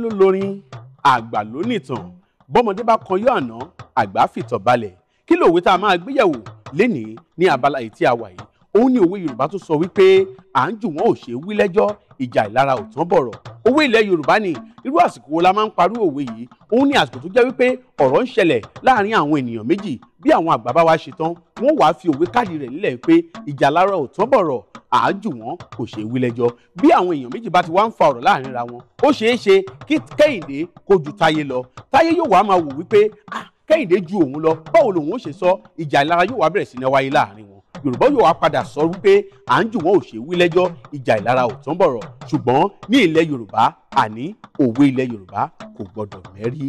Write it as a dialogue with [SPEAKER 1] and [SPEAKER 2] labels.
[SPEAKER 1] ló lórin àgbà ló nìtàn bọ́mọdé bá kan yọ àná àgbà fìtọ̀ balẹ̀ kí lòwe tá a máa gbéyẹ̀wò lénìí ní abala èyí tí yìí òun ni òwe yorùbá tó sọ wípé à ń jù wọn ò ṣe wí lẹ́jọ́ ìjà ìlara ò tán bọ̀rọ̀ òwe ilẹ̀ yorùbá ni irú àsìkò wo la máa ń parú òwe yìí òun ni àsìkò tó jẹ́ wípé ọ̀rọ̀ ń ṣẹlẹ̀ láàárín àwọn ènìyàn méjì bí àwọn àgbà wa ṣe tán wọ́n wàá fi òwe káàdì rẹ̀ nílẹ̀ pé ìjà ìlara ò tán bọ̀rọ̀ àájù wọn kò ṣe wí lẹ́jọ́ bí àwọn èèyàn méjì bá ti wá ń fa ọ̀rọ̀ láàrin ra wọn ó ṣeé ṣe kí kẹ́hìndé kó ju táyé lọ táyé yóò wá máa wò wípé kẹ́hìndé ju òun lọ báwo lòun ó ṣe sọ ìjà ìlara yóò wá bẹ̀rẹ̀ sí ní wáyé láàrin wọn yorùbá yóò wá padà sọ wípé à ń jù wọ́n ò ṣe wí lẹ́jọ́ ìjà ìlara ò tán bọ̀rọ̀ ṣùgbọ́n ní ilẹ̀ yorùbá àní òwe ilẹ̀ yorùbá kò gbọdọ̀ mẹ́rí.